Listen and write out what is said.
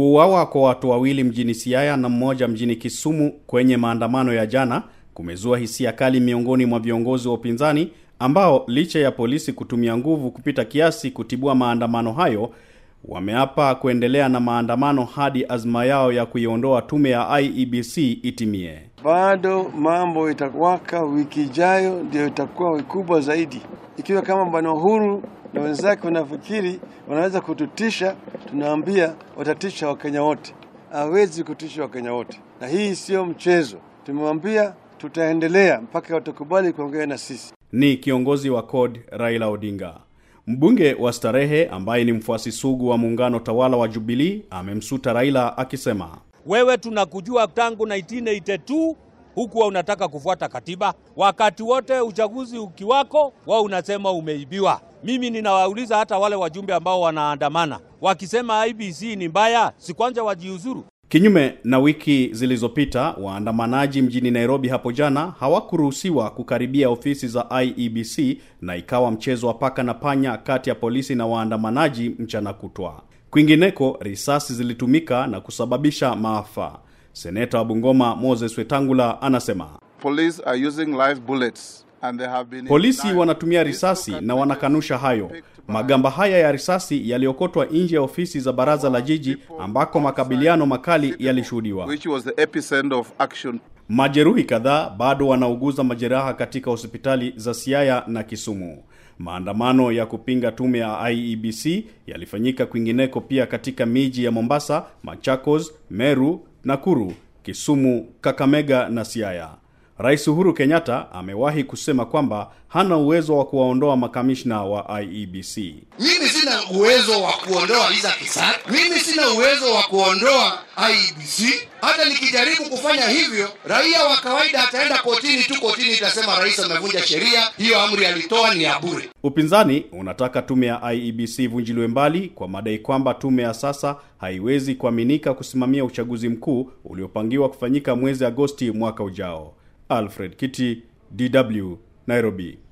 Kuuawa kwa watu wawili mjini Siaya na mmoja mjini Kisumu kwenye maandamano ya jana kumezua hisia kali miongoni mwa viongozi wa upinzani ambao licha ya polisi kutumia nguvu kupita kiasi kutibua maandamano hayo wameapa kuendelea na maandamano hadi azma yao ya kuiondoa tume ya IEBC itimie. Bado mambo itawaka, wiki ijayo ndio itakuwa kubwa zaidi, ikiwa kama Bwana Uhuru na wenzake wanafikiri wanaweza kututisha tunaambia watatisha Wakenya wote, hawezi kutisha Wakenya wote, na hii sio mchezo. Tumewambia tutaendelea mpaka watakubali kuongea na sisi. Ni kiongozi wa CORD Raila Odinga. Mbunge wa Starehe ambaye ni mfuasi sugu wa muungano tawala wa Jubilee amemsuta Raila akisema, wewe tunakujua tangu 1982 huku wa unataka kufuata katiba. Wakati wote uchaguzi ukiwako, wao unasema umeibiwa. Mimi ninawauliza hata wale wajumbe ambao wanaandamana wakisema IBC ni mbaya, si kwanza wajiuzuru? Kinyume na wiki zilizopita, waandamanaji mjini Nairobi hapo jana hawakuruhusiwa kukaribia ofisi za IEBC na ikawa mchezo wa paka na panya kati ya polisi na waandamanaji mchana kutwa. Kwingineko, risasi zilitumika na kusababisha maafa. Seneta wa Bungoma Moses Wetangula anasema Police are using live bullets and they have been polisi wanatumia risasi na wanakanusha hayo. Magamba haya ya risasi yaliokotwa nje ya ofisi za baraza la jiji ambako makabiliano makali yalishuhudiwa. Which was the epicenter of action. Majeruhi kadhaa bado wanauguza majeraha katika hospitali za Siaya na Kisumu. Maandamano ya kupinga tume ya IEBC yalifanyika kwingineko pia katika miji ya Mombasa, Machakos, Meru, Nakuru, Kisumu, Kakamega na Siaya. Rais Uhuru Kenyatta amewahi kusema kwamba hana uwezo wa kuwaondoa makamishna wa IEBC. Mimi sina uwezo wa kuondoa Isaac Kisat, mimi sina uwezo wa kuondoa IEBC. Hata nikijaribu kufanya hivyo, raia wa kawaida ataenda kotini tu, kotini itasema rais amevunja sheria, hiyo amri alitoa ni ya bure. Upinzani unataka tume ya IEBC vunjiliwe mbali kwa madai kwamba tume ya sasa haiwezi kuaminika kusimamia uchaguzi mkuu uliopangiwa kufanyika mwezi Agosti mwaka ujao. Alfred Kiti, DW, Nairobi.